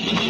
you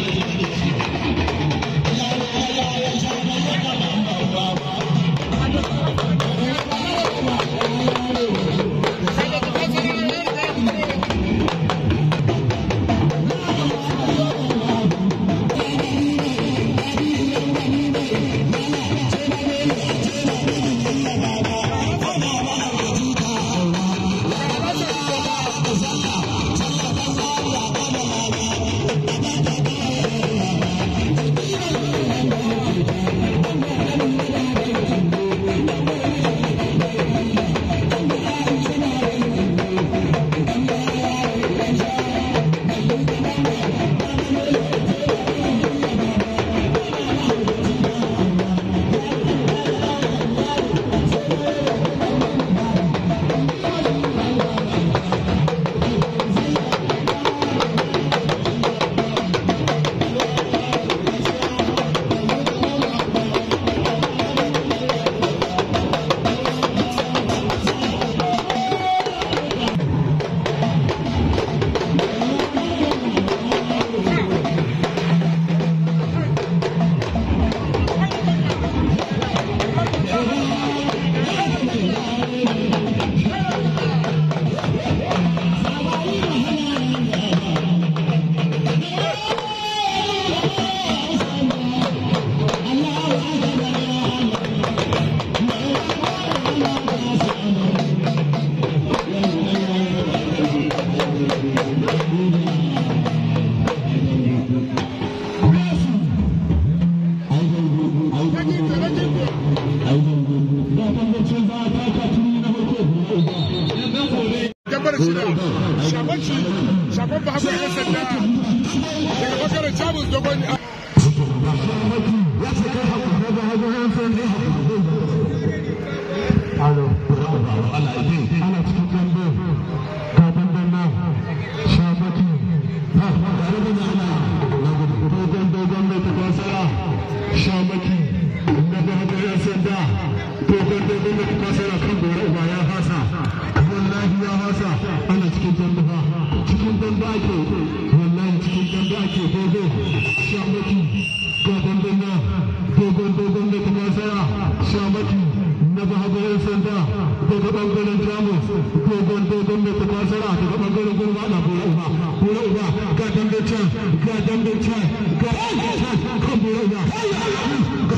Chavez,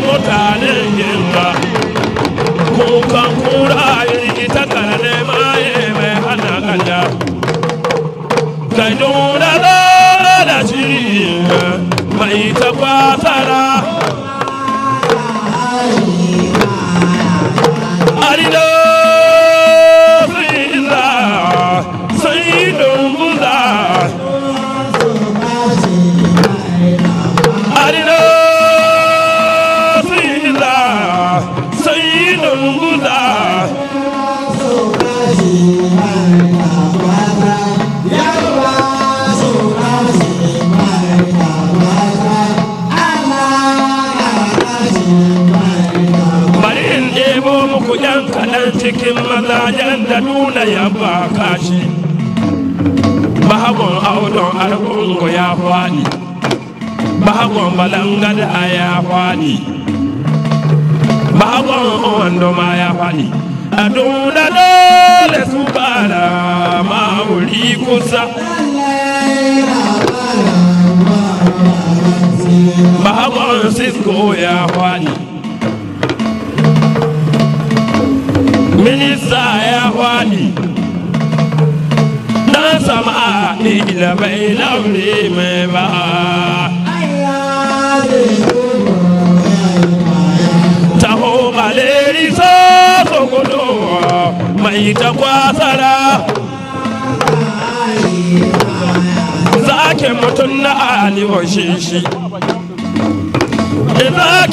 mutanen girma kukan kura yi ta nema maye hana kalla kai nuna da shi mai ta kwasara Florida. hwani bahagon balanga da ya hwani bahagon wando ma hwani a dole ma kusa sisko ya hwani minista ya hwani sama ila bai laure mai ba mai ta kwasara zakin mutum na aliwa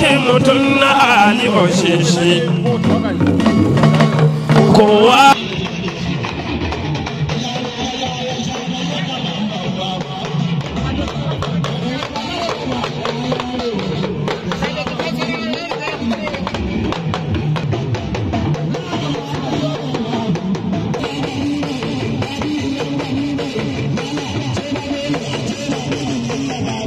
e mutum na aliwa shi kowa Thank you.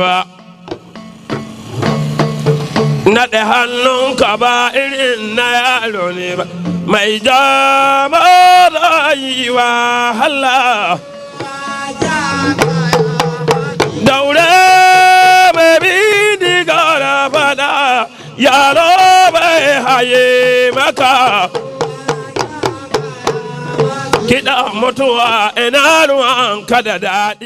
ba naɗe ka ba irin na yaro ne ba mai jama rayuwa hala daure mai bi digara fada yaro bai haye maka kiɗa mutuwa ina ruwan ka da daɗi